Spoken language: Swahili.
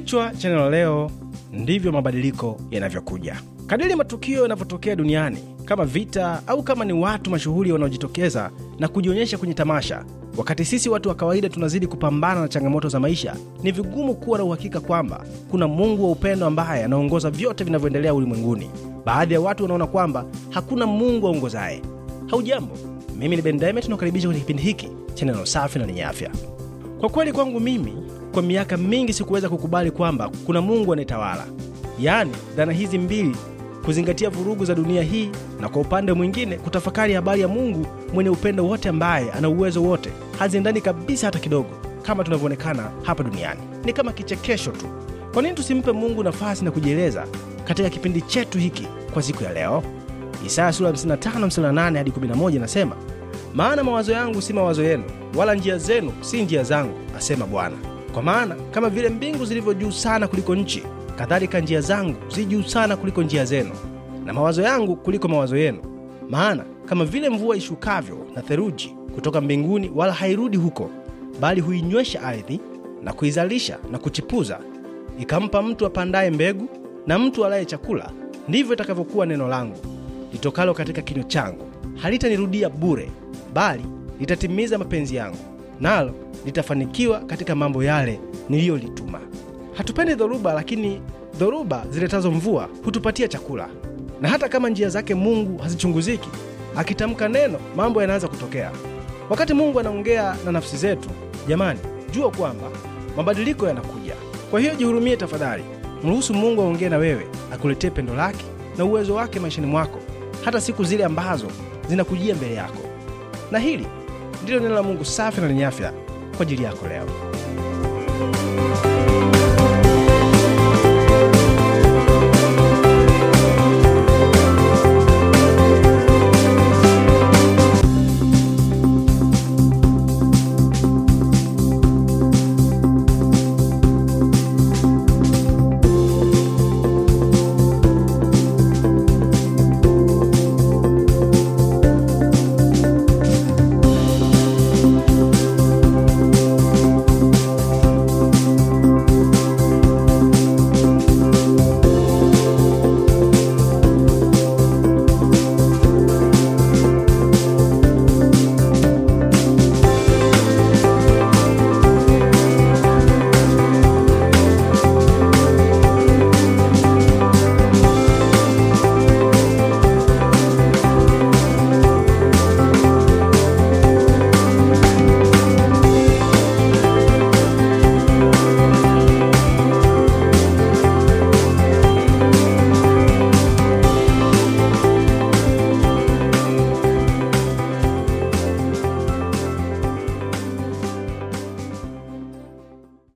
Kichwa cha neno leo, ndivyo mabadiliko yanavyokuja. Kadiri matukio yanavyotokea duniani, kama vita au kama ni watu mashuhuri wanaojitokeza na kujionyesha kwenye tamasha, wakati sisi watu wa kawaida tunazidi kupambana na changamoto za maisha, ni vigumu kuwa na uhakika kwamba kuna Mungu wa upendo ambaye anaongoza vyote vinavyoendelea ulimwenguni. Baadhi ya watu wanaona kwamba hakuna Mungu aongozaye. Haujambo, mimi ni Bendemet, tunakaribisha kwenye kipindi hiki cha neno safi na lenye afya. Kwa kweli kwangu mimi kwa miaka mingi sikuweza kukubali kwamba kuna Mungu anetawala. Yaani, dhana hizi mbili, kuzingatia vurugu za dunia hii na kwa upande mwingine kutafakari habari ya Mungu mwenye upendo wote, ambaye ana uwezo wote, haziendani kabisa hata kidogo, kama tunavyoonekana hapa duniani. Ni kama kichekesho tu. Kwa nini tusimpe Mungu nafasi na kujieleza katika kipindi chetu hiki kwa siku ya leo? Isaya sura 55 mstari 8 hadi 11 inasema, maana mawazo yangu si mawazo yenu, wala njia zenu si njia zangu, asema Bwana kwa maana kama vile mbingu zilivyo juu sana kuliko nchi, kadhalika njia zangu zi juu sana kuliko njia zenu, na mawazo yangu kuliko mawazo yenu. Maana kama vile mvua ishukavyo na theluji kutoka mbinguni, wala hairudi huko, bali huinywesha ardhi na kuizalisha na kuchipuza, ikampa mtu apandaye mbegu na mtu alaye chakula, ndivyo itakavyokuwa neno langu litokalo katika kinywa changu; halitanirudia bure, bali litatimiza mapenzi yangu, nalo litafanikiwa katika mambo yale niliyolituma. Hatupendi dhoruba, lakini dhoruba ziletazo mvua hutupatia chakula. Na hata kama njia zake Mungu hazichunguziki, akitamka neno, mambo yanaanza kutokea. Wakati Mungu anaongea na nafsi zetu, jamani, jua kwamba mabadiliko yanakuja. Kwa hiyo jihurumie tafadhali, mruhusu Mungu aongee na wewe, akuletee pendo lake na uwezo wake maishani mwako, hata siku zile ambazo zinakujia mbele yako. Na hili ndilo neno la Mungu safi na lenye afya kwa ajili yako leo.